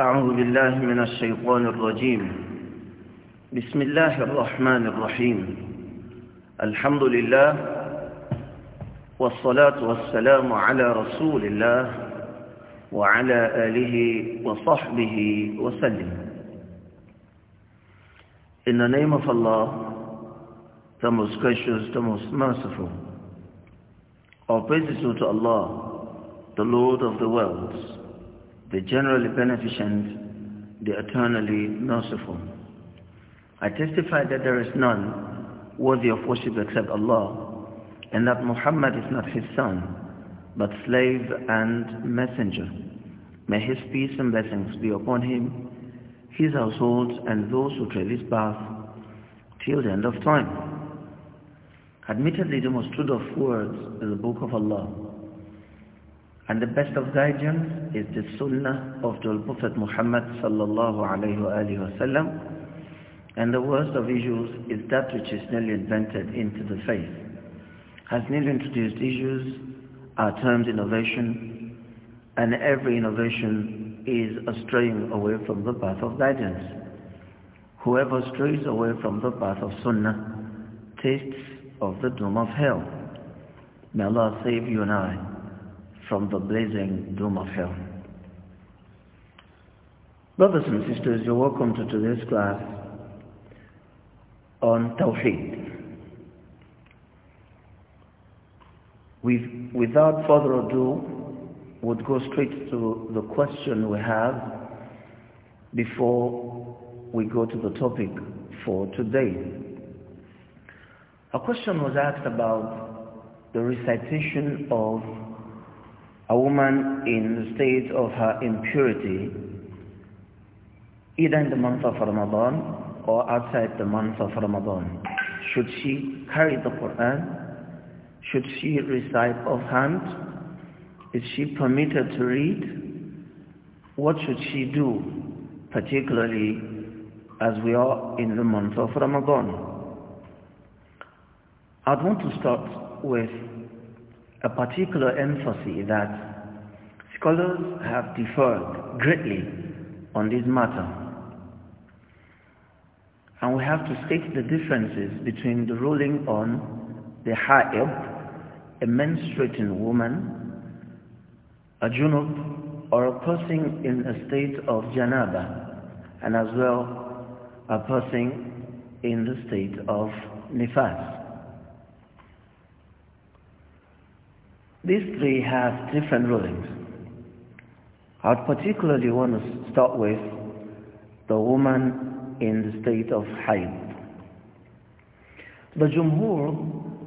أعوذ بالله من الشيطان الرجيم بسم الله الرحمن الرحيم الحمد لله والصلاة والسلام على رسول الله وعلى آله وصحبه وسلم In the name of Allah, the most gracious, the most merciful. All praises to Allah, the Lord of the worlds. the generally beneficent, the eternally merciful. I testify that there is none worthy of worship except Allah, and that Muhammad is not his son, but slave and messenger. May his peace and blessings be upon him, his household, and those who tread his path till the end of time. Admittedly, the most truth of words is the Book of Allah, and the best of guidance is the sunnah of the Prophet Muhammad sallallahu alayhi wasallam. And the worst of issues is that which is newly invented into the faith. Has newly introduced issues are termed innovation, and every innovation is a straying away from the path of guidance. Whoever strays away from the path of sunnah tastes of the doom of hell. May Allah save you and I from the blazing doom of hell. Brothers and sisters, you're welcome to today's class on Tawheed. without further ado, we'll go straight to the question we have before we go to the topic for today. A question was asked about the recitation of a woman in the state of her impurity, either in the month of Ramadan or outside the month of Ramadan? Should she carry the Quran? Should she recite offhand? Is she permitted to read? What should she do, particularly as we are in the month of Ramadan? I'd want to start with a particular emphasis that scholars have differed greatly on this matter. And we have to state the differences between the ruling on the ha'ib, a menstruating woman, a junub, or a person in a state of janaba, and as well a person in the state of nifas. These three have different rulings. I'd particularly want to start with the woman in the state of haid. The Jumhur,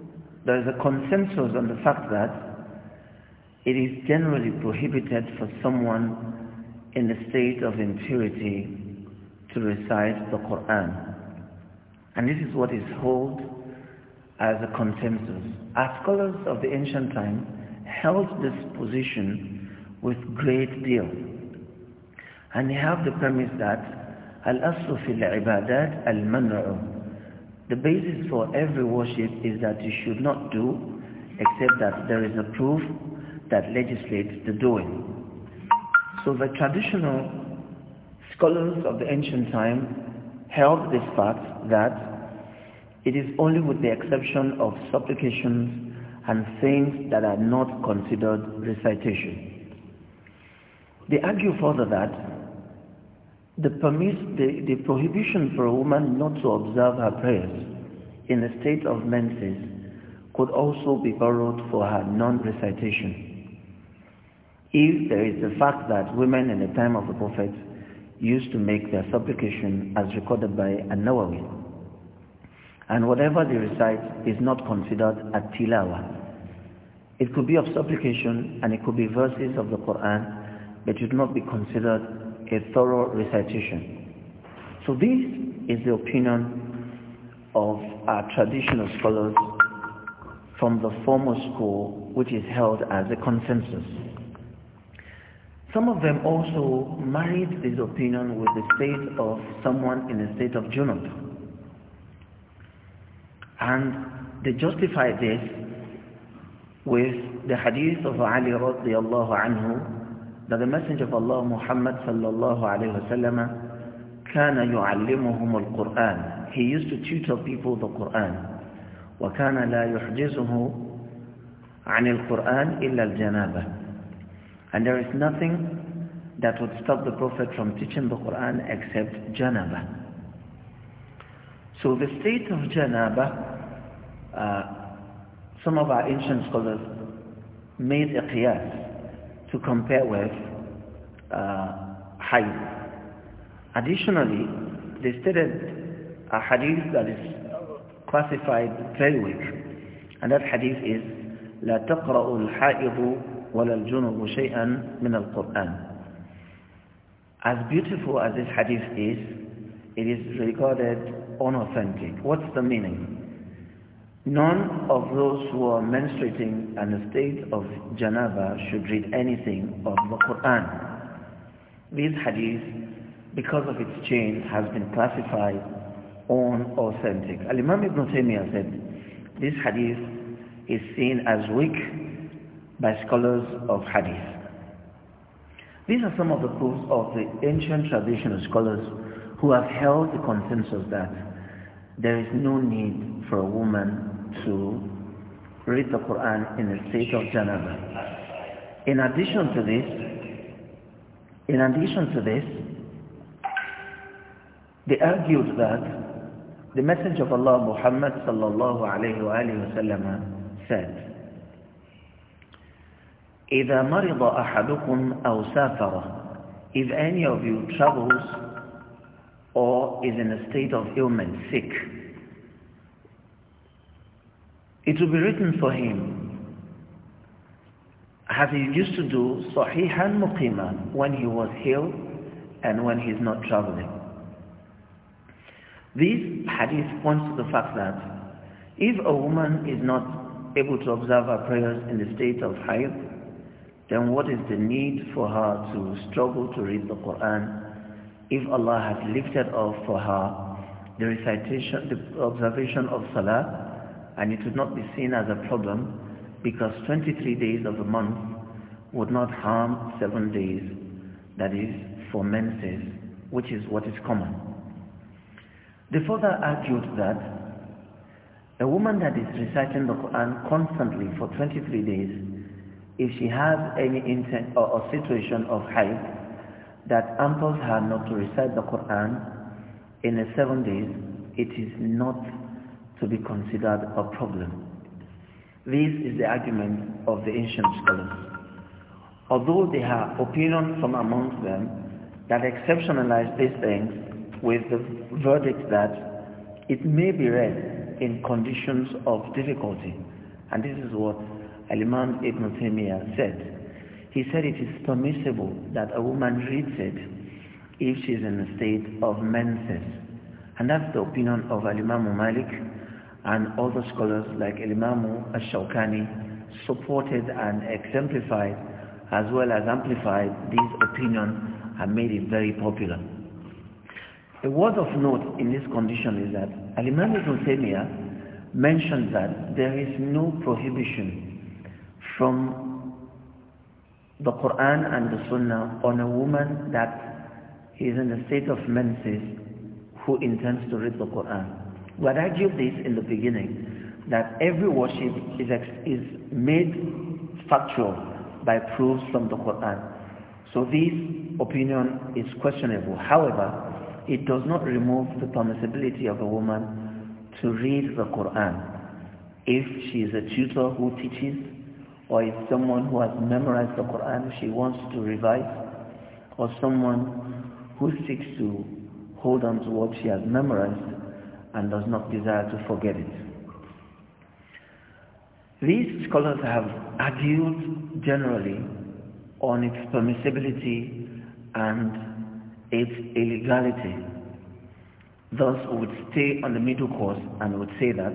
there is a consensus on the fact that it is generally prohibited for someone in the state of impurity to recite the Quran. And this is what is held as a consensus. As scholars of the ancient time, held this position with great deal. And he have the premise that al-aslu fil ibadat al The basis for every worship is that you should not do except that there is a proof that legislates the doing. So the traditional scholars of the ancient time held this fact that it is only with the exception of supplications and things that are not considered recitation. They argue further that the, permiss, the, the prohibition for a woman not to observe her prayers in a state of menses could also be borrowed for her non-recitation. If there is the fact that women in the time of the Prophet used to make their supplication as recorded by An-Nawawi, and whatever they recite is not considered a tilawa it could be of supplication and it could be verses of the Quran, but it should not be considered a thorough recitation. So this is the opinion of our traditional scholars from the former school, which is held as a consensus. Some of them also married this opinion with the state of someone in a state of junub. And they justified this with the hadith of Ali radiallahu anhu that the Messenger of Allah Muhammad sallallahu alayhi wa sallam كان يعلمهم القرآن He used to tutor people the Quran وكان لا يحجزه عن القرآن إلا الجنابة And there is nothing that would stop the Prophet from teaching the Quran except janaba. So the state of janaba uh, some of our ancient scholars made a qiyas to compare with uh, Additionally, they stated a hadith that is classified very weak, and that hadith is لا تقرأ الحائض ولا الجنوب شيئا من القرآن. As beautiful as this hadith is, it is regarded unauthentic. What's the meaning? None of those who are menstruating and the state of janaba should read anything of the Quran. This hadith, because of its chain, has been classified authentic. Al-Imam Ibn Taymiyyah said, this hadith is seen as weak by scholars of hadith. These are some of the proofs of the ancient traditional scholars who have held the consensus that there is no need for a woman to read the Quran in a state of janaba. In addition to this, in addition to this, they argued that the message of Allah Muhammad sallallahu alayhi wa said, إذا مرض أحدكم أو سافر If any of you travels or is in a state of ailment, sick. It will be written for him as he used to do Sahihan Muqiman when he was ill and when he's not traveling. This hadith points to the fact that if a woman is not able to observe her prayers in the state of hayat, then what is the need for her to struggle to read the Quran if Allah has lifted off for her the recitation, the observation of Salah, and it would not be seen as a problem because 23 days of the month would not harm 7 days, that is, for menses, which is what is common. The father argued that a woman that is reciting the Quran constantly for 23 days, if she has any intent or, or situation of high, that ample her not to recite the Quran in the seven days, it is not to be considered a problem. This is the argument of the ancient scholars. Although there are opinions from amongst them that exceptionalize these things with the verdict that it may be read in conditions of difficulty. And this is what al Ibn Taymiyyah said. He said it is permissible that a woman reads it if she is in a state of menses. And that's the opinion of Al-Imam Malik and other scholars like Al-Imam Ash-Shawkani supported and exemplified as well as amplified this opinion and made it very popular. A word of note in this condition is that Al-Imam Ibn mentioned that there is no prohibition from the Quran and the Sunnah on a woman that is in the state of menses who intends to read the Quran. What I give this in the beginning, that every worship is, is made factual by proofs from the Quran. So this opinion is questionable. However, it does not remove the permissibility of a woman to read the Quran if she is a tutor who teaches or if someone who has memorized the Quran she wants to revise, or someone who seeks to hold on to what she has memorized and does not desire to forget it. These scholars have argued generally on its permissibility and its illegality. Thus, we would stay on the middle course and would say that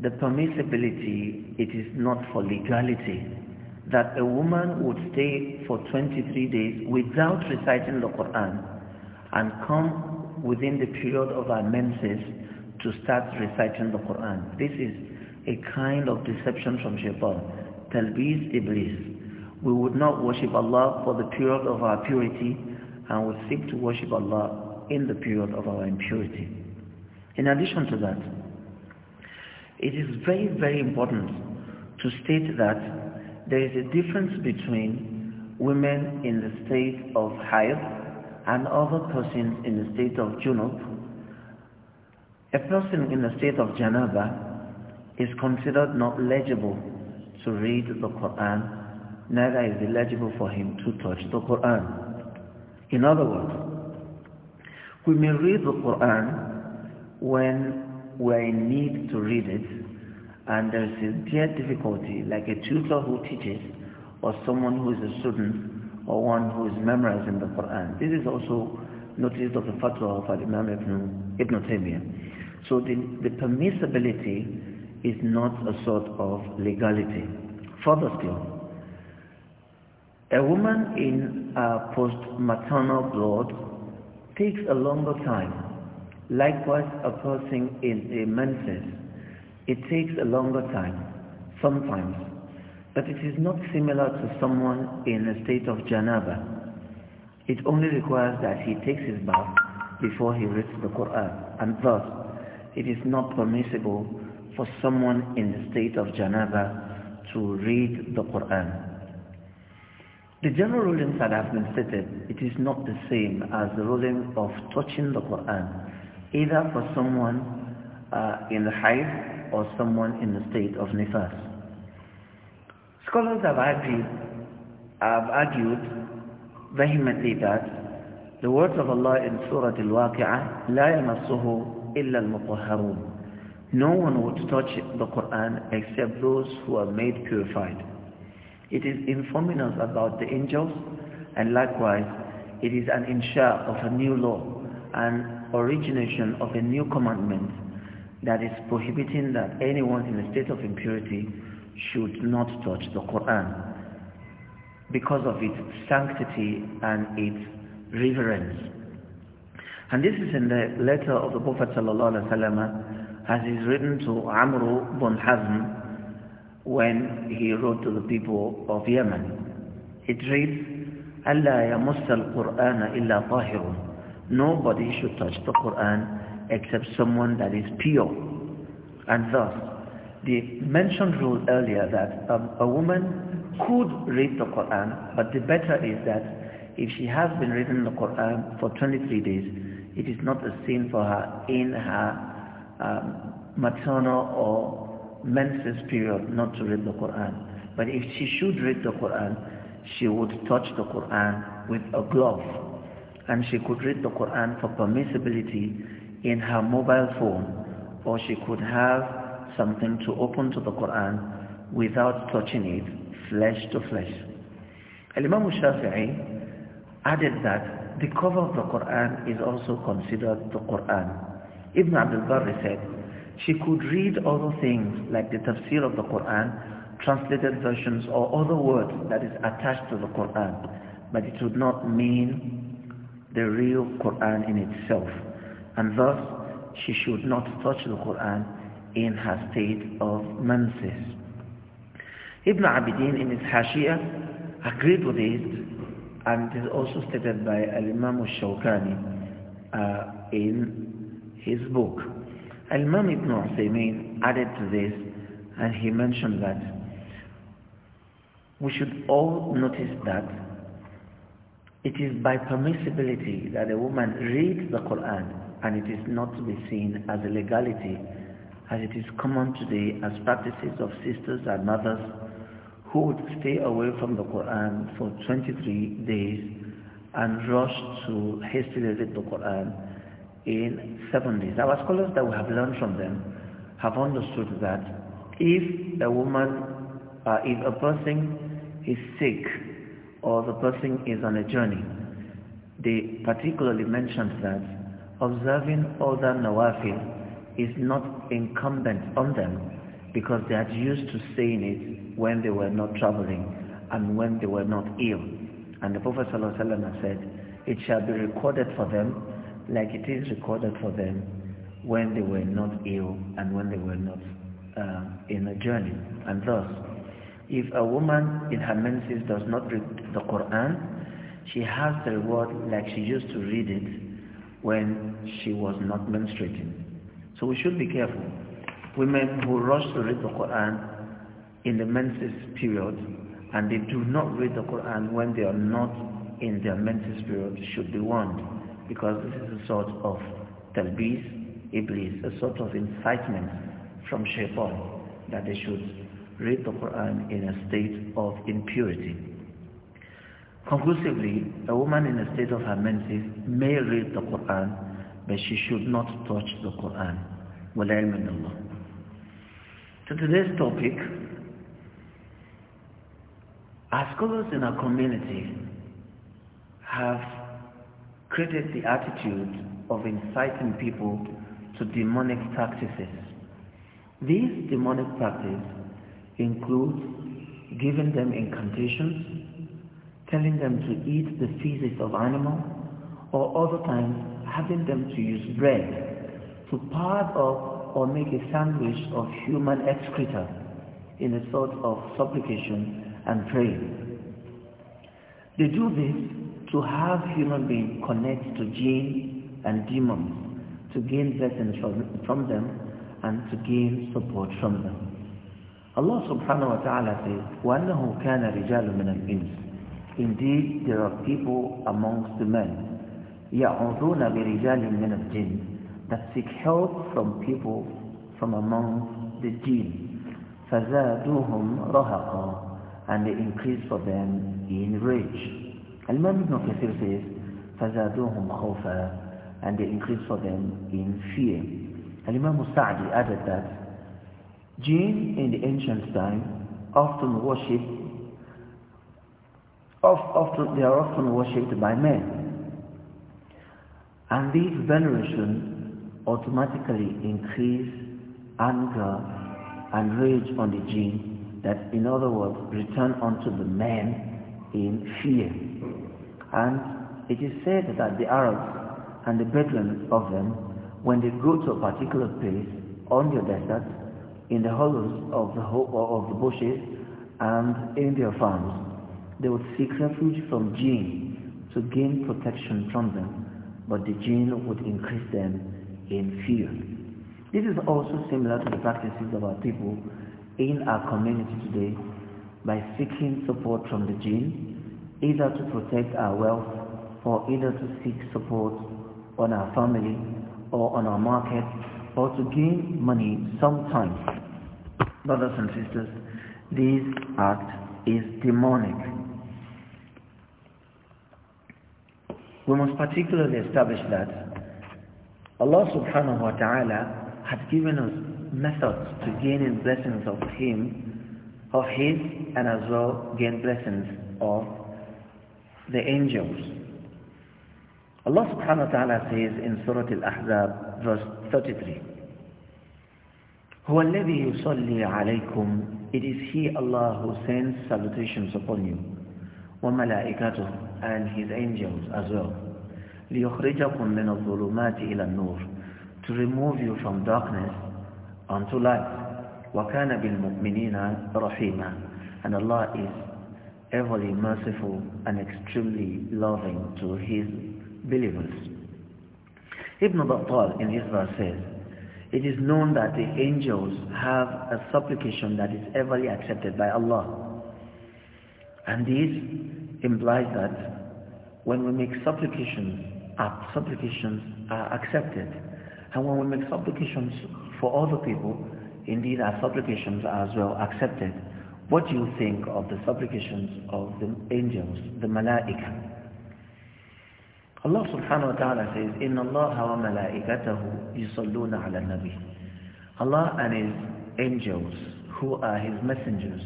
the permissibility, it is not for legality that a woman would stay for 23 days without reciting the Quran and come within the period of her menses to start reciting the Quran. This is a kind of deception from Shaitan. Talbi's, Iblis. We would not worship Allah for the period of our purity and would seek to worship Allah in the period of our impurity. In addition to that, it is very, very important to state that there is a difference between women in the state of haid and other persons in the state of junub. A person in the state of janaba is considered not legible to read the Quran, neither is it legible for him to touch the Quran. In other words, we may read the Quran when where I need to read it and there is a dear difficulty, like a tutor who teaches or someone who is a student or one who is memorizing the Quran. This is also noticed of the fatwa of Imam Ibn, Ibn Taymiyyah. So the, the permissibility is not a sort of legality. Further still, a woman in a post-maternal blood takes a longer time Likewise, a person in a menses, it takes a longer time, sometimes, but it is not similar to someone in a state of janaba. It only requires that he takes his bath before he reads the Quran, and thus, it is not permissible for someone in the state of janaba to read the Quran. The general rulings that have been stated, it is not the same as the ruling of touching the Quran either for someone uh, in the hive or someone in the state of nifas. Scholars have argued, have argued vehemently that the words of Allah in Surah Al-Waqi'ah, لا يمسه إلا المطهرون no one would touch the Quran except those who are made purified. It is informing us about the angels and likewise it is an insha of a new law and origination of a new commandment that is prohibiting that anyone in a state of impurity should not touch the Quran because of its sanctity and its reverence. And this is in the letter of the Prophet ﷺ as is written to Amr ibn Hazm when he wrote to the people of Yemen. It reads, أَلَّا يَمُسَّ الْقُرْآنَ إِلَّا طَاهِرٌ nobody should touch the Quran except someone that is pure. And thus, the mentioned rule earlier that a woman could read the Quran, but the better is that if she has been reading the Quran for 23 days, it is not a sin for her in her um, maternal or menses period not to read the Quran. But if she should read the Quran, she would touch the Quran with a glove and she could read the Quran for permissibility in her mobile phone or she could have something to open to the Quran without touching it flesh to flesh. imam shafii added that the cover of the Quran is also considered the Quran. Ibn Abdul Barri said, she could read other things like the tafsir of the Quran, translated versions or other words that is attached to the Quran, but it would not mean the real Quran in itself. And thus, she should not touch the Quran in her state of mansis. Ibn Abidin in his Hashia agreed with it and it is also stated by Al-Imam al-Shawkani uh, in his book. Al-Imam Ibn Uthaymeen added to this and he mentioned that we should all notice that it is by permissibility that a woman reads the Quran and it is not to be seen as a legality as it is common today as practices of sisters and mothers who would stay away from the Quran for 23 days and rush to hastily read the Quran in seven days. Our scholars that we have learned from them have understood that if a woman, uh, if a person is sick or the person is on a journey, they particularly mentioned that observing other nawafil is not incumbent on them because they are used to saying it when they were not traveling and when they were not ill. And the Prophet ﷺ said, it shall be recorded for them like it is recorded for them when they were not ill and when they were not uh, in a journey. And thus, if a woman in her menses does not read the Quran, she has the reward like she used to read it when she was not menstruating. So we should be careful. Women who rush to read the Quran in the menses period and they do not read the Quran when they are not in their menses period should be warned because this is a sort of talbis, iblis, a sort of incitement from shaitan that they should read the Quran in a state of impurity. Conclusively, a woman in a state of her menses may read the Quran, but she should not touch the Quran. Walaimanullah. To today's topic, our scholars in our community have created the attitude of inciting people to demonic practices. These demonic practices include giving them incantations, telling them to eat the feces of animal, or other times having them to use bread to part up or make a sandwich of human excreta in a sort of supplication and praying. They do this to have human beings connect to jinn and demons to gain blessings from them and to gain support from them. Allah subhanahu wa ta'ala says, وَأَنَّهُ كَانَ رِجَالٌ مِنَ الْإِنسِ Indeed, there are people amongst the men, يَعُوذُونَ بِرِجَالٍ مِنَ الْجِنِّ That seek help from people from among the jinn. فَزَادُوهُمْ رَهَقًا And they increase for them in rage. Al-Imam Ibn Kathir says, فَزَادُوهُمْ خَوْفًا And they increase for them in fear. Al-Imam Sa'di added that, Jinn in the ancient time often worshipped of, often they are often worshipped by men. And this veneration automatically increase anger and rage on the jinn that in other words return unto the men in fear. And it is said that the Arabs and the Bedouins of them, when they go to a particular place on the desert, in the hollows of the, of the bushes and in their farms. They would seek refuge from jinn to gain protection from them, but the jinn would increase them in fear. This is also similar to the practices of our people in our community today by seeking support from the jinn, either to protect our wealth or either to seek support on our family or on our market or to gain money sometimes. Brothers and sisters, this act is demonic. We must particularly establish that Allah subhanahu wa ta'ala has given us methods to gaining blessings of Him, of His, and as well gain blessings of the angels. Allah subhanahu wa ta'ala says in Surah Al-Ahzab verse 33, هو you يصلي alaykum? It is He Allah who sends salutations upon you وملائكته and His angels as well To remove you from darkness unto light وكان بالمؤمنين رحيما And Allah is everly merciful and extremely loving to His believers Ibn Battal in his verse says it is known that the angels have a supplication that is everly accepted by Allah. And this implies that when we make supplications, our uh, supplications are accepted. And when we make supplications for other people, indeed our supplications are as well accepted. What do you think of the supplications of the angels, the malaika? Allah subhanahu wa ta'ala says, إِنَّ اللَّهَ وَمَلَائِكَتَهُ يُصَلُّونَ عَلَى النَّبِيِّ Allah and His angels, who are His messengers,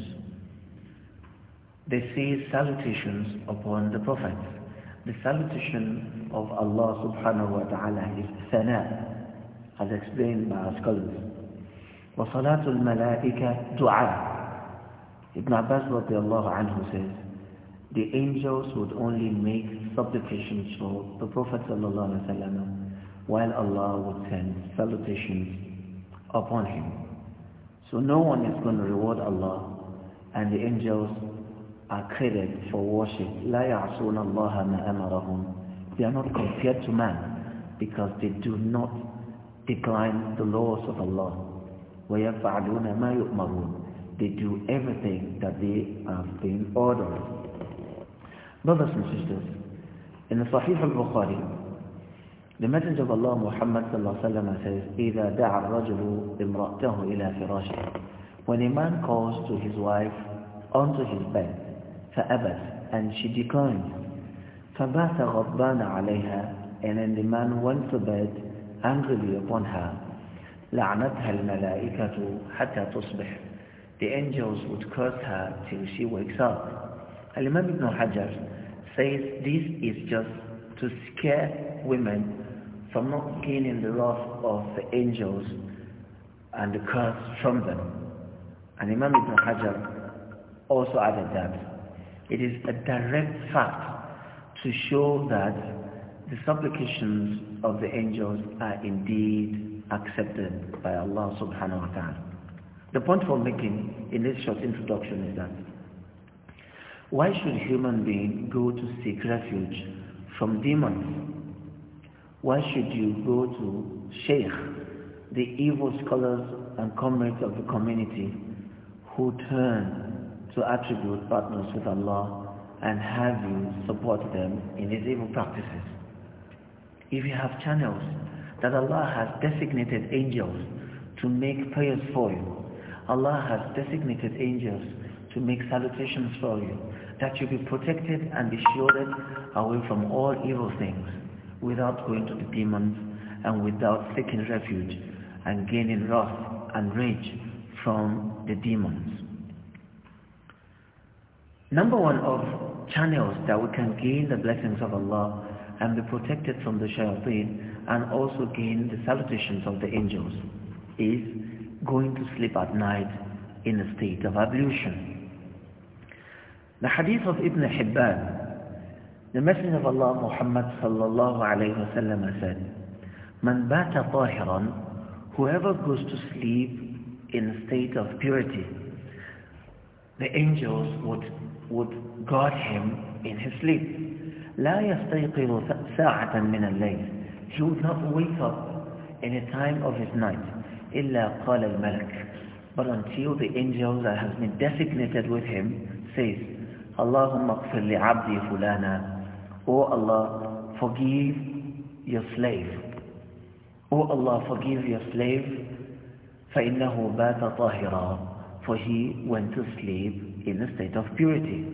they say salutations upon the Prophet. The salutation of Allah subhanahu wa ta'ala is thana, as explained by our scholars. وَصَلَاةُ الْمَلَائِكَةِ دُعَاءُ Ibn Abbas رضي الله عنه says, the angels would only make supplications for the Prophet ﷺ while Allah would send salutations upon him. So no one is going to reward Allah and the angels are credited for worship. لا يعصون الله ما أمرهم They are not compared to man because they do not decline the laws of Allah. وَيَفْعَلُونَ مَا يُؤْمَرُونَ They do everything that they have been ordered. Brothers and sisters, in the Sahih al-Bukhari, the Messenger of Allah Muhammad وسلم says, إِذَا دَعَ الرَّجُلُ إِمْرَأْتَهُ إِلَى فِرَاشِهِ When a man calls to his wife onto his bed, فَأَبَتْ And she declined. فَبَاتَ غَضْبَانَ عَلَيْهَا And then the man went to bed angrily upon her. لَعْنَتْهَا الْمَلَائِكَةُ حَتَّى تُصْبِحْ The angels would curse her till she wakes up. الإمام ابن حجر says this is just to scare women from not gaining the wrath of the angels and the curse from them. And Imam Ibn Hajar also added that it is a direct fact to show that the supplications of the angels are indeed accepted by Allah subhanahu wa ta'ala. The point for making in this short introduction is that why should human being go to seek refuge from demons? Why should you go to sheikh, the evil scholars and comrades of the community who turn to attribute partners with Allah and have you support them in these evil practices? If you have channels that Allah has designated angels to make prayers for you, Allah has designated angels to make salutations for you that you be protected and be shielded away from all evil things without going to the demons and without seeking refuge and gaining wrath and rage from the demons. Number one of channels that we can gain the blessings of Allah and be protected from the shayateen and also gain the salutations of the angels is going to sleep at night in a state of ablution. The hadith of Ibn Hibban, the Messenger of Allah Muhammad sallallahu alayhi wa said, whoever goes to sleep in a state of purity, the angels would, would guard him in his sleep. لا يستيقظ ساعة من الليل He would not wake up in a time of his night إلا قال الملك But until the angel that has been designated with him says Allahumma qfir li abdi fulana. O Allah, forgive your slave. O Allah, forgive your slave. فَإِنَّهُ بَاتَ طَاهِرًا For he went to sleep in a state of purity.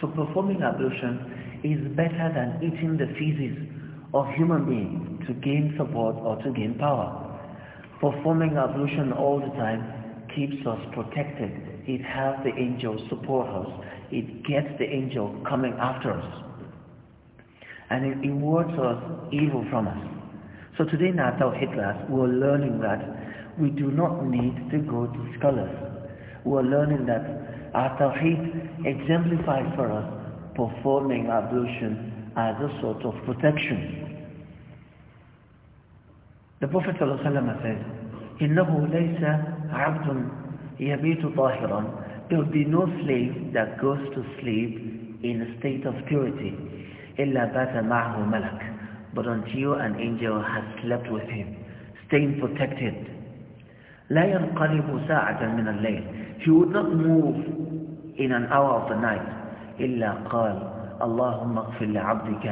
So performing ablution is better than eating the feces of human beings to gain support or to gain power. Performing ablution all the time keeps us protected. It has the angels support us it gets the angel coming after us. And it, it wards us evil from us. So today in our Tawhid class, we're learning that we do not need to go to scholars. We're learning that our Tawhid exemplifies for us performing ablution as a sort of protection. The Prophet ﷺ says, إِنَّهُ لَيْسَ عَبْدٌ يَبِيتُ طَاهِرًا there will be no slave that goes to sleep in a state of purity. إِلَّا بَاتَ مَعْهُ مَلَكٌ But until an angel has slept with him, staying protected. لَا يَنْقَلِبُ سَاعَةً مِنَ اللَّيْلِ He would not move in an hour of the night. إِلَّا قَالَ اللَّهُمَّ اغْفِرْ لَعَبْدِكَ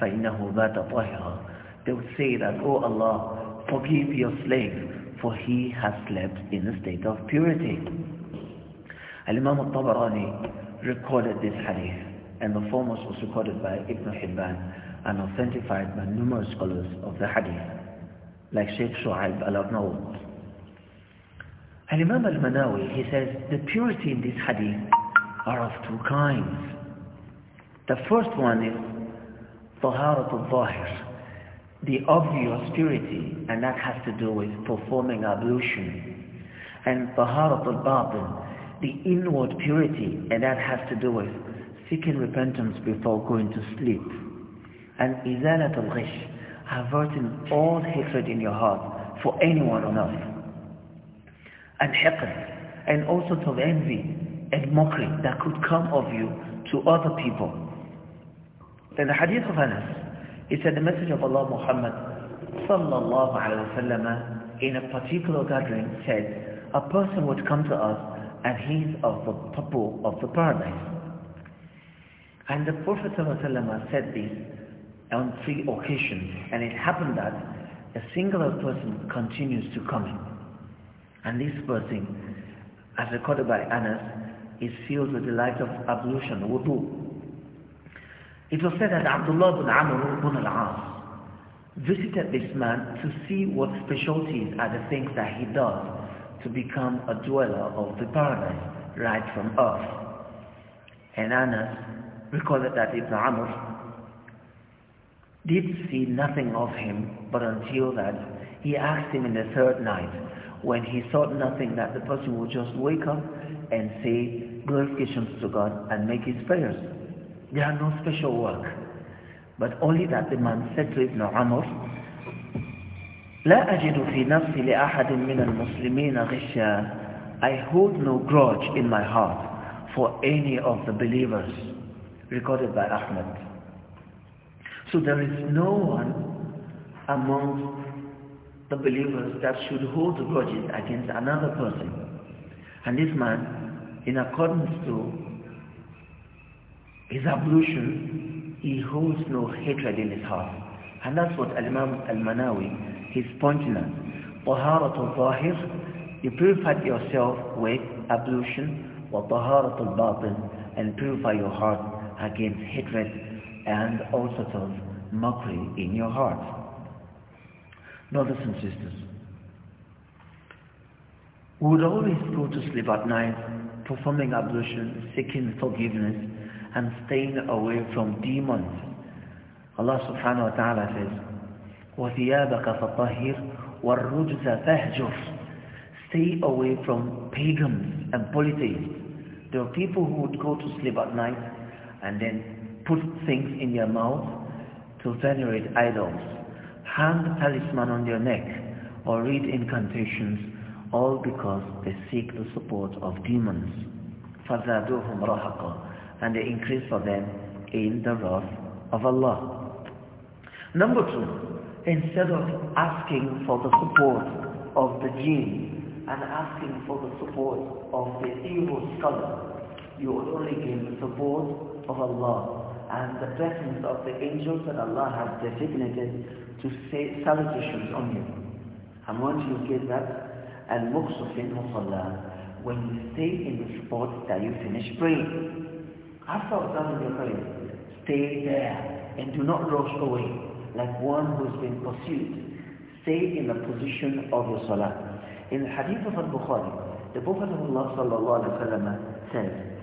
فَإِنَّهُ بَاتَ They would say that, Oh Allah, forgive your slave, for he has slept in a state of purity. Al-Imam al-Tabarani recorded this hadith, and the foremost was recorded by Ibn Hibban and authenticated by numerous scholars of the hadith, like Sheikh Shu'aib al-Arnaud. Al-Imam al-Manawi, he says, the purity in this hadith are of two kinds. The first one is al zahir, the obvious purity, and that has to do with performing ablution. And al batin, the inward purity, and that has to do with seeking repentance before going to sleep. And izalat al-ghish, averting all hatred in your heart for anyone on earth. And haqq, and all sorts of envy and mockery that could come of you to other people. Then the hadith of Anas, he said the message of Allah Muhammad sallallahu alayhi wa sallam in a particular gathering said, a person would come to us and he's of the people of the paradise. And the Prophet ﷺ said this on three occasions, and it happened that a singular person continues to come in. And this person, as recorded by Anas, is filled with the light of absolution, wudu. It was said that Abdullah bin Amr al-As visited this man to see what specialties are the things that he does to become a dweller of the paradise right from earth. And Anas recorded that Ibn Amr did see nothing of him but until that he asked him in the third night when he thought nothing that the person would just wake up and say glorifications to God and make his prayers. There are no special work. But only that the man said to Ibn Amr, لا أجد في نفسي لأحد من المسلمين غشا I hold no grudge in my heart for any of the believers recorded by Ahmed. So there is no one among the believers that should hold grudges against another person. And this man, in accordance to his ablution, he holds no hatred in his heart. And that's what Imam Al-Manawi his sponginess. طهارة الظاهر, you purified yourself with ablution, وطهارة batin and purify your heart against hatred and all sorts of mockery in your heart. Brothers and sisters, we would always go to sleep at night, performing ablution, seeking forgiveness, and staying away from demons. Allah subhanahu wa ta'ala says, وَثِيَابَكَ فَطَهِّرْ وَالرُّجْزَ فَهْجُرْ Stay away from pagans and polytheists. There are people who would go to sleep at night and then put things in their mouth to venerate idols, hang talisman on their neck, or read incantations, all because they seek the support of demons. فَزَادُوهُمْ رَهَقًا And they increase for them in the wrath of Allah. Number two, instead of asking for the support of the jinn and asking for the support of the evil scholar, you will only gain the support of Allah and the presence of the angels that Allah has designated to say salutations on you. And once you get that, al-muqsu fil when you stay in the spot that you finish praying. After observing your prayer, stay there and do not rush away like one who's been pursued. Stay in the position of your salah. In the hadith of al-Bukhari, the Prophet of Allah sallallahu alayhi wa sallam said,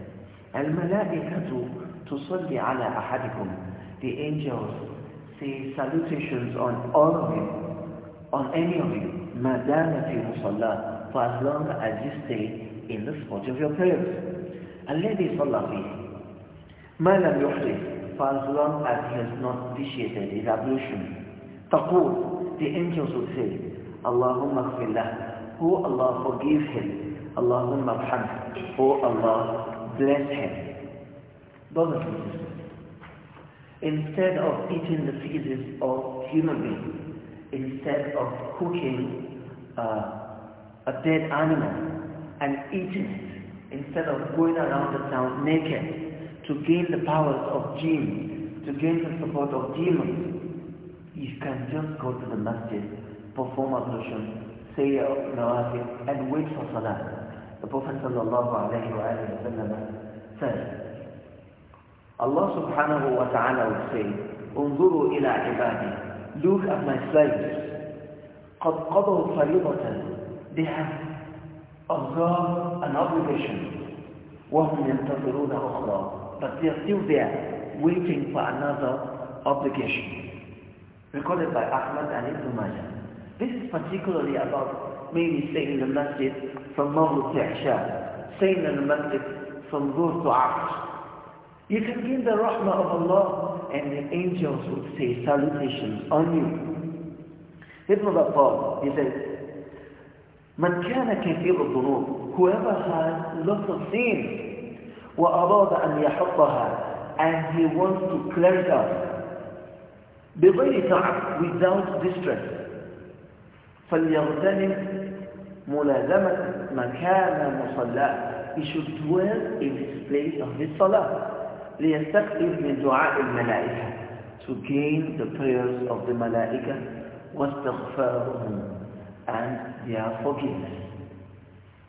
Al-Malaikatu tusalli ala ahadikum. The angels say salutations on all of you, on any of you, madama fi musalla, for as long as you stay in the spot of your prayers. الذي صلى فيه ma lam يحدث as long as he has not initiated his ablution. Taqul, the angels would say, Allahumma khfillah, O oh Allah forgive him, Allahumma bhamd, O oh Allah bless him. Brothers and sisters, instead of eating the feces of human beings, instead of cooking uh, a dead animal and eating it, instead of going around the town naked, to gain the powers of jinn, to gain the support of demons, you can just go to the masjid, perform ablution, say nawafil, and wait for salah. The Prophet sallallahu alayhi wa sallam said, Allah subhanahu wa ta'ala would say, انظروا إلى عبادي, look at my slaves, قد قضوا فريضة, they have observe an obligation وهم ينتظرون أخرى but they are still there waiting for another obligation. Recorded by Ahmad and Ibn Majah. This is particularly about maybe saying the masjid from Maghrib to Isha, staying the masjid from Dhuhr to Asr. You can gain the rahmah of Allah and the angels would say salutations on you. Ibn Abbas he says, من كان كثير الذنوب whoever has lots of sins وأراد أن يحطها and he wants to cleanse her بغير تعب without distress فليغتنم ملازمة مكان مصلاه he should dwell in his place of his salah ليستقبل من دعاء الملائكة to gain the prayers of the malaika واستغفارهم and their forgiveness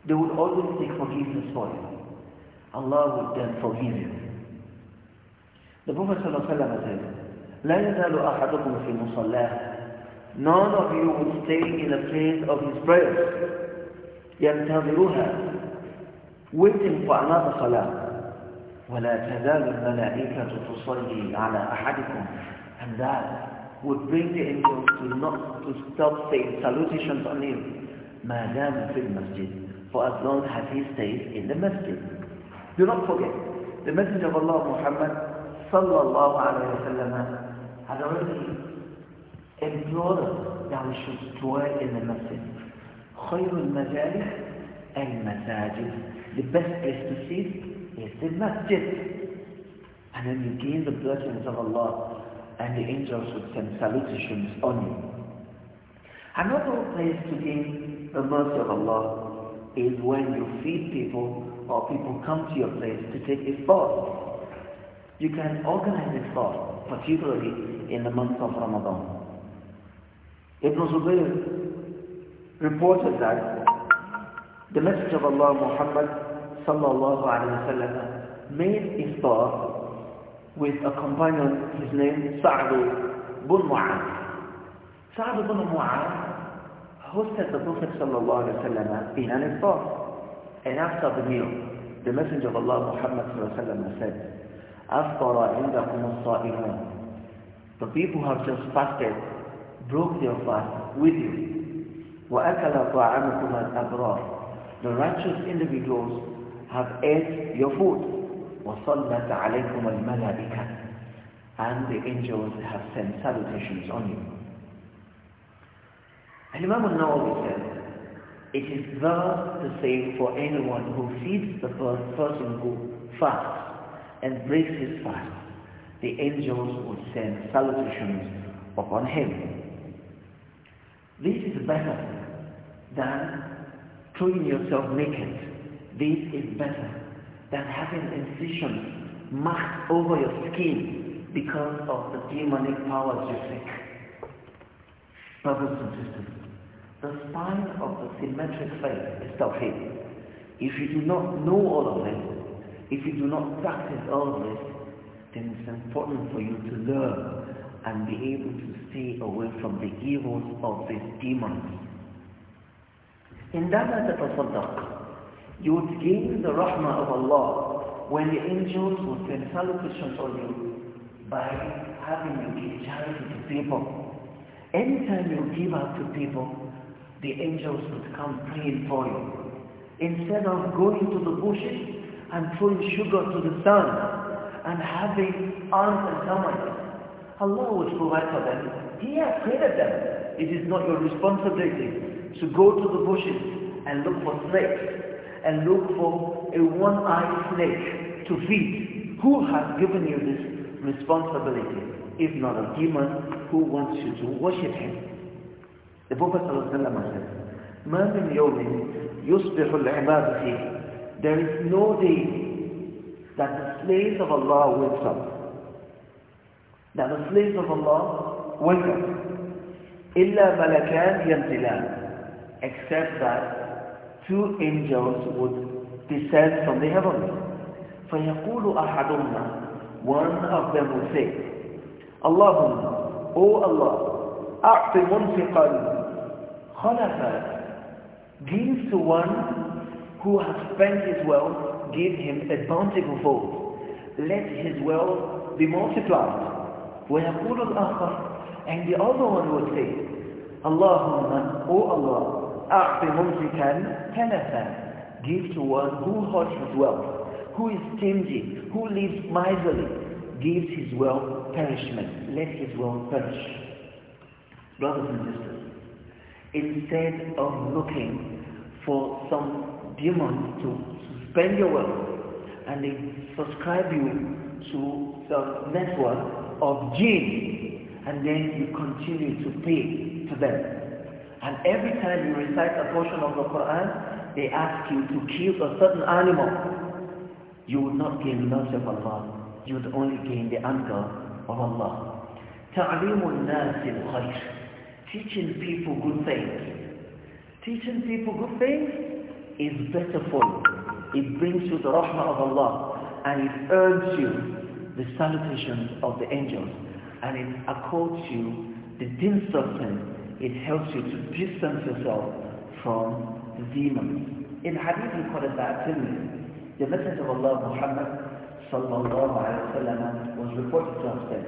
they will always seek forgiveness for you Allah would then forgive you. The Prophet said, None of you would stay in the place of his prayers. ينتظرها waiting for another salah. ولا الملائكة تصلي على أحدكم and that would bring the angels to not to stop saying salutations on him ما دام في المسجد for as long as he stays in the masjid. Do not forget, the Messenger of Allah Muhammad sallallahu alayhi wa sallam had already implored us that we should dwell in the masjid. خير المجالس المساجد The best place to sit is the masjid. And then you gain the blessings of Allah and the angels would send salutations on you. Another place to gain the mercy of Allah is when you feed people or people come to your place to take iftar. You can organize iftar, particularly in the month of Ramadan. Ibn Zubayr reported that the message of Allah Muhammad sallallahu alaihi wasallam made iftar with a companion, his name Saad would bin Mu'ad. Saad would bin Mu'ad hosted the Prophet sallallahu alaihi wasallam in an iftar. And after the meal, the Messenger of Allah Muhammad said, Afkara indakum sa'imun. The people who have just fasted broke their fast with you. وَأَكَلَ طَعَامُكُمْ الْأَبْرَارِ The righteous individuals have ate your food. وَصَلَّتْ عَلَيْكُمْ الْمَلَائِكَةِ And the angels have sent salutations on you. And Imam al-Nawawi said, it is thus the same for anyone who feeds the person who fasts and breaks his fast. The angels will send salutations upon him. This is better than throwing yourself naked. This is better than having incisions marked over your skin because of the demonic powers you seek. Brothers and sisters, the sign of the symmetric faith is Tawheed. If you do not know all of this, if you do not practice all of this, then it's important for you to learn and be able to stay away from the evils of these demons. In that tatasaddaq, you would gain the rahmah of Allah when the angels would send salutations on you by having you give charity to people. Anytime you give out to people, the angels would come praying for you. Instead of going to the bushes and throwing sugar to the sun and having arms and stomachs, Allah would provide for them. He has created them. It is not your responsibility to go to the bushes and look for snakes and look for a one-eyed snake to feed. Who has given you this responsibility? If not a demon who wants you to worship him. النبوة صلى الله عليه وسلم ما من يوم يصبح العباد فيه there is no day that the slaves of Allah wakes up that the slaves of Allah wake up إلا ملكان ينزلان except that two angels would descend from the heavens فيقول أحدهما one of them will say اللهم O Allah أعطي منفقا Khalafa gives to one who has spent his wealth, give him a bountiful fold. Let his wealth be multiplied. ويقول الآخر and the other one would say, Allahumma, O Allah, أعطي ten تلفا. Give to one who hoards his wealth, who is stingy, who lives miserly, gives his wealth perishment. Let his wealth perish. Brothers and sisters, instead of looking for some demons to suspend your wealth and they subscribe you to the network of jinn and then you continue to pay to them. And every time you recite a portion of the Quran, they ask you to kill a certain animal. You would not gain love of Allah. You would only gain the anger of Allah. تَعْلِيمُ النَّاسِ الْخَيْرِ teaching people good things. Teaching people good things is better for you. It brings you the rahmah of Allah and it earns you the salutations of the angels and it accords you the distancing. It helps you to distance yourself from the demons. In Hadith recorded by Tirmidhi, the Messenger of Allah Muhammad sallallahu alayhi wa sallam was reported to have said,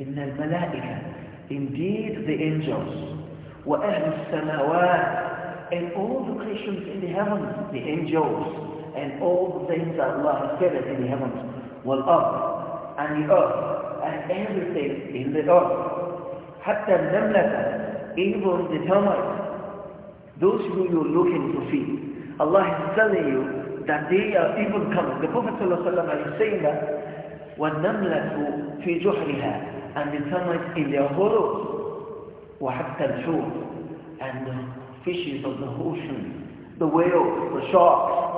إِنَّ الْمَلَائِكَةِ Indeed, the angels, وَأَهْلُ السَّمَاوَاتِ And all the creations in the heavens, the angels, and all the things that Allah has created in the heavens, وَالْأَرْضِ And the earth, and everything in the earth. حَتَّى النَّمْلَةَ Even the termites, those who you're looking to feed. Allah is telling you that they are even coming. The Prophet ﷺ is saying that, وَالنَّمْلَةُ فِي جُحْرِهَا and the termites in their burrows, وَحَتَّى الْحُوتِ and the fishes of the ocean, the whales, the sharks.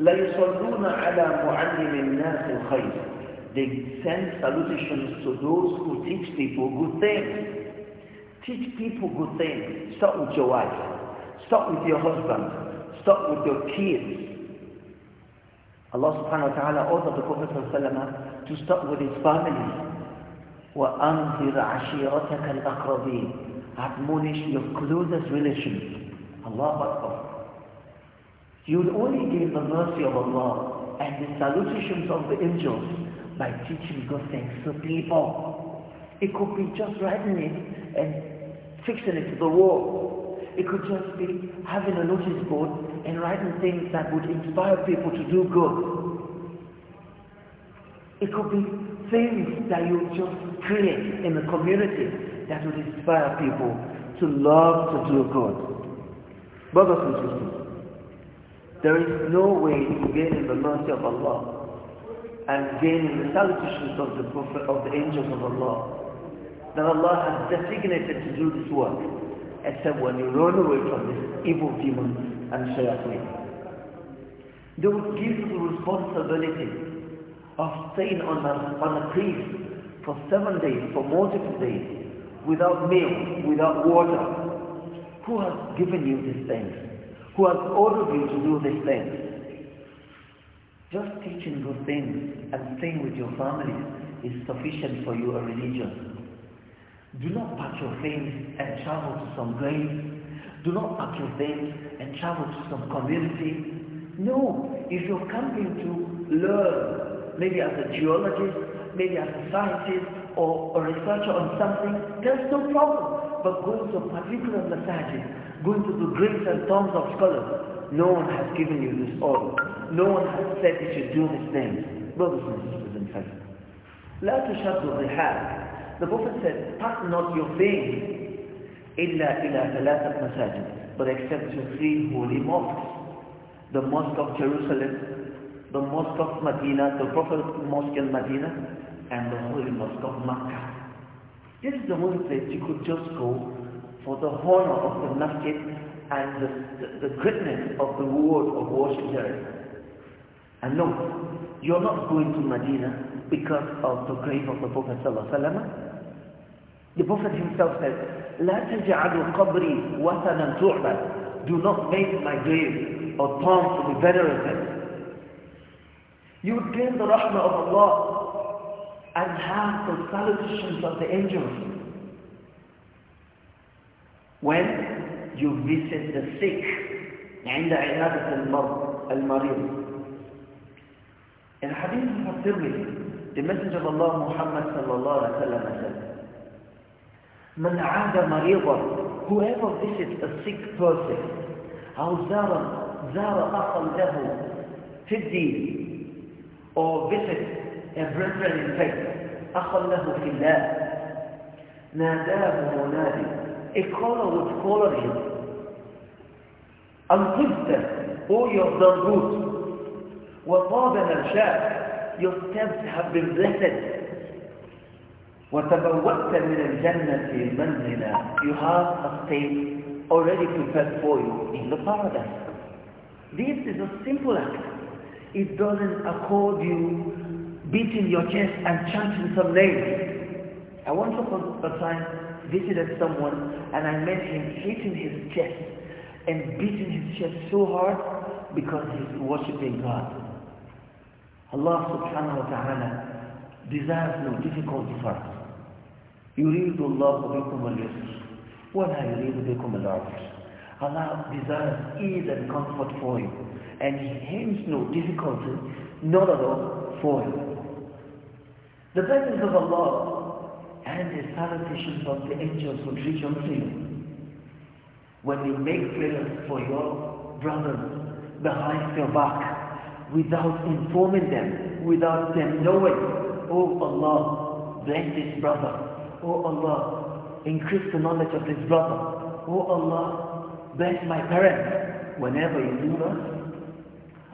لَا يُصَلُّونَ عَلَى مُعَلِّمِ النَّاسِ الْخَيْرِ They send salutations to those who teach people good things. Teach people good things. Start with your wife. Start with your husband. Start with your kids. Allah subhanahu wa ta'ala ordered the Prophet to start with his family وَأَنْذِرْ عَشِيرَتَكَ الْأَقْرَبِينَ Admonish your closest relations. Allah Akbar. You'll only gain the mercy of Allah and the salutations of the angels by teaching good things to people. It could be just writing it and fixing it to the wall. It could just be having a notice board and writing things that would inspire people to do good. It could be things that you just create in the community that will inspire people to love to do good. Brothers and sisters, there is no way to gain in the mercy of Allah and gain in the salutations of the Prophet, of the angels of Allah. That Allah has designated to do this work, except when you run away from this evil demon and shayateen. They would give you responsibility of staying on a, on a priest for seven days, for multiple days, without meal, without water. Who has given you these things? Who has ordered you to do these things? Just teaching good things and staying with your family is sufficient for you a religion. Do not pack your things and travel to some grave. Do not pack your things and travel to some community. No, if you're coming to learn maybe as a geologist, maybe as a scientist or a researcher on something, there's no problem. But going to a particular masajid, going to the graves and tombs of scholars, no one has given you this order. No one has said you should do this thing. Brothers and sisters in fact, لا تشدوا الرحال. The Prophet said, "Pack not your things إلا إلى ثلاثة مساجد but except to three holy mosques the mosque of Jerusalem the mosque of Medina, the Prophet mosque in Medina, and the holy mosque of Makkah. This is the only place you could just go for the honor of the masjid and the, the, the greatness of the word of worship there. And no, you're not going to Medina because of the grave of the Prophet ﷺ. The Prophet himself said, لا تجعلوا قبري وثنا تعبد. Do not make my grave a tomb to be venerated. You would gain the rahmah of Allah and have the salutations of the angels. When you visit the sick, عند عيادة المرض المريض. In hadith of Tirmidhi, the message of Allah Muhammad sallallahu alaihi wasallam said, من عاد مريضا whoever visits a sick person أو زار زار أخا له في الدين or visit a brethren in faith, أخا له في الله ناداه منادي a caller would call on him and give them oh done good وطاب مرشاك your steps have been blessed وتبوأت من الجنة منزلا you have a state already prepared for you in the paradise this is a simple act it doesn't accord you beating your chest and chanting some names. I once upon a time visited someone and I met him hitting his chest and beating his chest so hard because he's worshipping God. Allah subhanahu wa ta'ala desires no difficulty for us. يريد الله بكم اليسر ولا يريد بكم العسر Allah desires ease and comfort for you, and hence no difficulty, not at all, for you. The blessings of Allah and the salutations of the angels will reach unto you. When you make prayers for your brothers behind your back, without informing them, without them knowing, Oh Allah, bless this brother. Oh Allah, increase the knowledge of this brother. Oh Allah, bless my parents. Whenever you do that,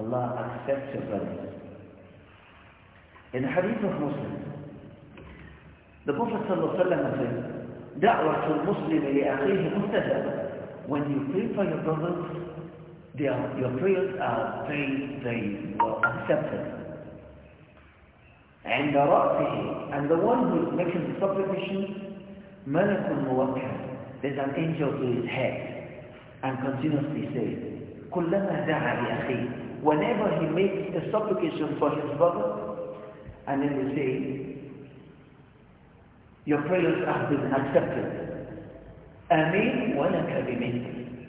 Allah accepts your brothers. In the hadith of Muslim, the Prophet ﷺ said, دعوة المسلم لأخيه مستجابة. When you pray for your brothers, their, your prayers are very, very well accepted. عند رأسه and the one who is making the supplication ملك موكل there's an angel to his head and continuously say, كلما whenever he makes a supplication for his brother and then you say your prayers have been accepted آمين ولك بمثل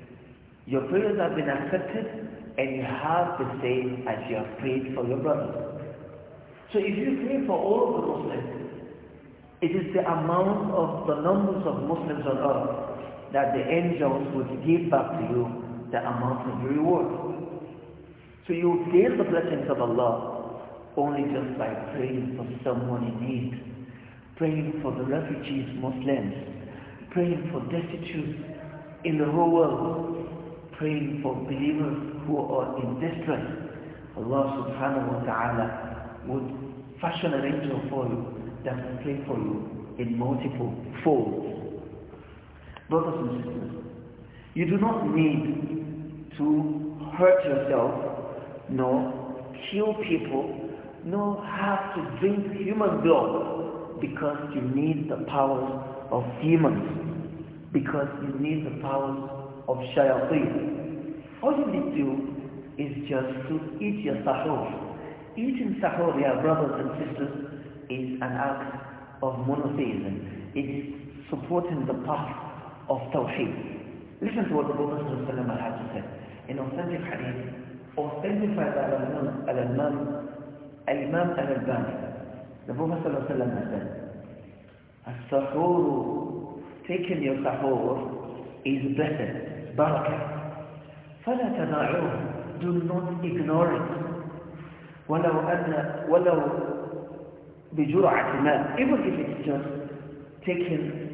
your prayers have been accepted and you have the same as you have prayed for your brother so if you pray for all of the Muslims it is the amount of the numbers of Muslims on earth that the angels would give back to you the amount of your reward. So you gain the blessings of Allah only just by praying for someone in need, praying for the refugees, Muslims, praying for destitute in the whole world, praying for believers who are in distress. Allah subhanahu wa ta'ala would fashion an angel for you that will pray for you in multiple folds. Brothers and sisters, you do not need to hurt yourself, nor kill people, nor have to drink human blood because you need the powers of demons, because you need the powers of shayateen. All you need to do is just to eat your sahur. Eating sahur, yeah, brothers and sisters, is an act of monotheism. It is supporting the path of Tawheed. Listen to what the Prophet ﷺ had to say. In authentic hadith, authentified by al-Imam al-Imam al-Imam al-Albani, the Prophet ﷺ said, السحور, taking your sahur is better, barakah. فلا تدعوه, do not ignore it. ولو أن ولو بجرعة ما even if it's just taken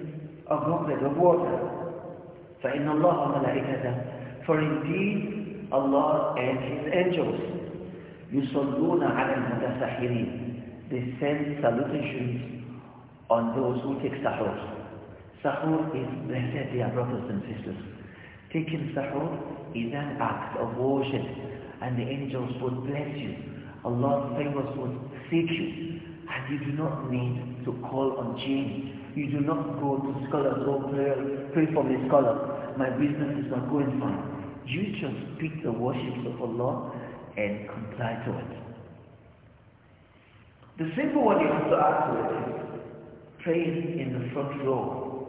of Muqtad, of water. فَإِنَّ اللَّهَ For indeed, Allah and His angels يُصَلُّونَ عَلَى الْمُتَسَحِرِينَ They send salutations on those who take sahur. Sahur is blessed, dear brothers and sisters. Taking sahur is an act of worship and the angels would bless you. Allah's favors would seek you and you do not need to call on jinn you do not go to scholars or prayer, pray for me scholar. My business is not going fine. You just speak the worships of Allah and comply to it. The simple one you have to ask for is praying in the front row.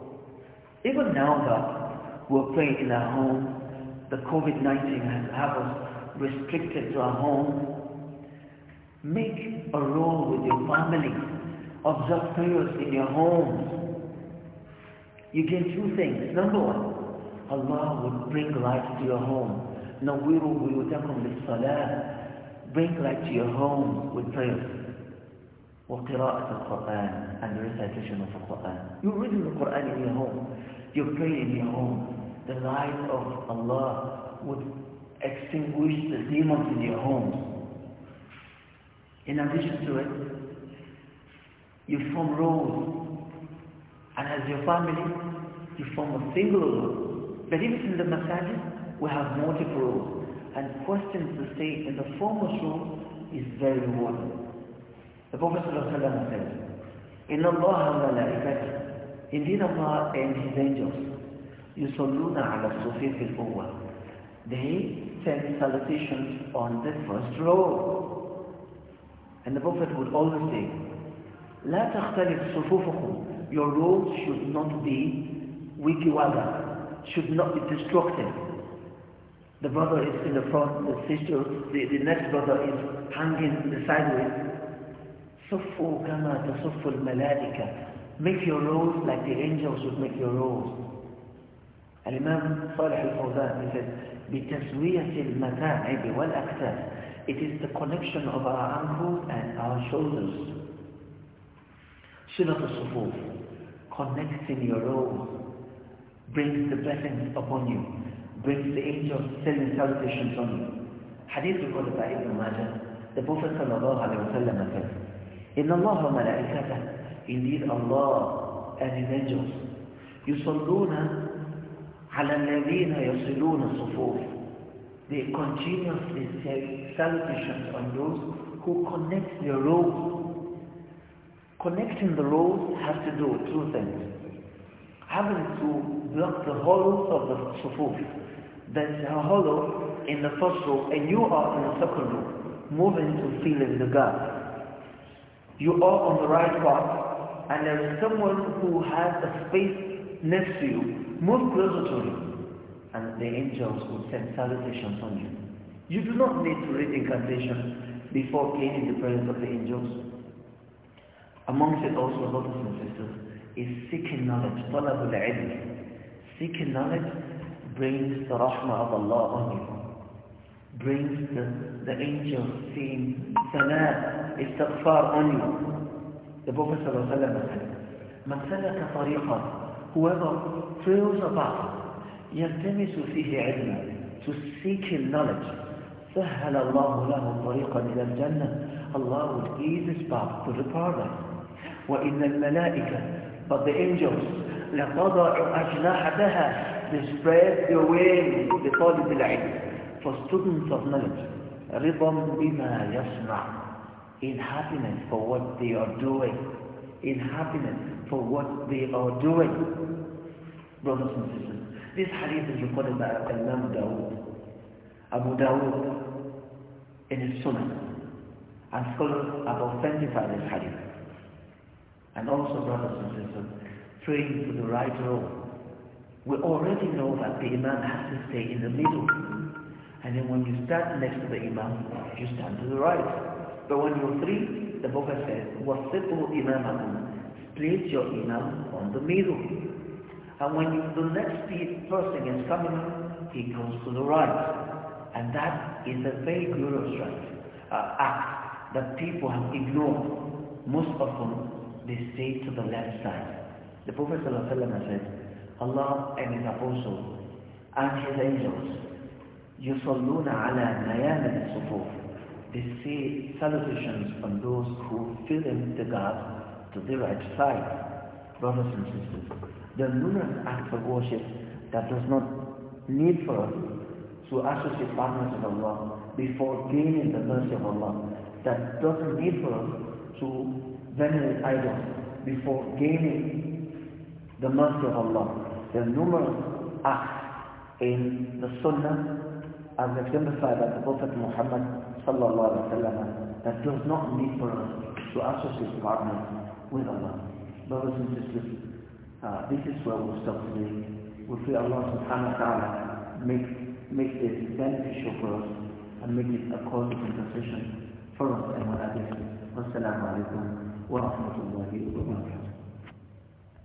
Even now that we're praying in our home, the COVID-19 has have us restricted to our home. Make a roll with your family observe prayers in your homes, you gain two things. Number one, Allah will bring light to your home. will نوّروا this salah. Bring light to your home with prayers. وقراءة القرآن and the recitation of the Quran. you read the Quran in your home. you pray in your home. The light of Allah would extinguish the demons in your home. In addition to it, you form rows. And as your family, you form a single row. But even in the masajid, we have multiple rows. And questions to say in the foremost row is very important. The Prophet ﷺ said, إِنَّ اللَّهَ in Indeed Allah and His angels يُصَلُّونَ عَلَى الصُّفِيفِ الْأُوَّةِ They send salutations on the first row. And the Prophet would always say, لا تختلف صفوفكم your roles should not be wikiwaga should not be destructive the brother is in the front the sister the, the next brother is hanging in the sideways صفوا كما تصف الملائكة make your roles like the angels would make your roads الإمام صالح الفوزان he said بتسوية المتاعب والأكتاف It is the connection of our ankles and our shoulders Silat al-Sufuf, connecting your rows, brings the blessings upon you, brings the angels sending salutations on you. Hadith recorded by Ibn Majah, the Prophet sallallahu alayhi wa sallam said, إِنَّ اللَّهَ وَمَلَائِكَتَهُ Indeed Allah and His angels يُصَلُّونَ عَلَى الَّذِينَ يَصِلُونَ الصُّفُوفِ They continuously say salutations on those who connect their robes Connecting the roads has to do with two things. Having to block the hollows of the sufuf. There's a hollow in the first row and you are in the second row, moving to fill in the gap. You are on the right path and there is someone who has a space next to you. Move closer to him and the angels will send salutations on you. You do not need to read incantation before gaining the presence of the angels. Amongst it also, brothers and sisters, is seeking knowledge, talabul ilm. Seeking knowledge brings the rahmah of Allah on you, brings the, the angels saying, salat, istighfar on you. The Prophet said, من سلك طريقا whoever feels a path يلتمس فيه علما to seek knowledge سهل الله له طريقا إلى الجنة Allah will ease his path to the paradise وإن الملائكة but the angels لَتَضَعُ أَجْنَحَتَهَا They spread their wings بطالب العلم for students of knowledge رِضًا بِمَا يَصْنَعُ in happiness for what they are doing in happiness for what they are doing brothers and sisters this hadith is recorded by Imam Dawood Abu Dawood in his Sunnah and scholars have authenticated this hadith and also, brothers and sisters, praying for the right role. We already know that the imam has to stay in the middle. And then when you stand next to the imam, you stand to the right. But when you're three, the book says, وَسِطُوا إِمَامَكُمْ Place your imam on the middle. And when you, the next person is coming, he goes to the right. And that is a very glorious right, uh, act that people have ignored. Most of them they say to the left side. The Prophet ﷺ said, Allah and His Apostle and His angels, يُصَلُّونَ عَلَى نَيَامِ الصُّفُوفِ They say salutations on those who fill in the gap to the right side. Brothers and sisters, The lunar numerous acts of worship that does not need for us to associate partners with Allah before gaining the mercy of Allah. That doesn't need for us to venerate idols before gaining the mercy of Allah. There are numerous acts in the Sunnah as exemplified by the Prophet Muhammad sallallahu alaihi wasallam that does not need for us to associate partners with Allah. Brothers and sisters, uh, this is where we'll stop today. We pray Allah subhanahu wa ta'ala make, make this beneficial for us and make it a cause of intercession for us and our others. Wassalamu alaikum. warahmatullahi wabarakatuh.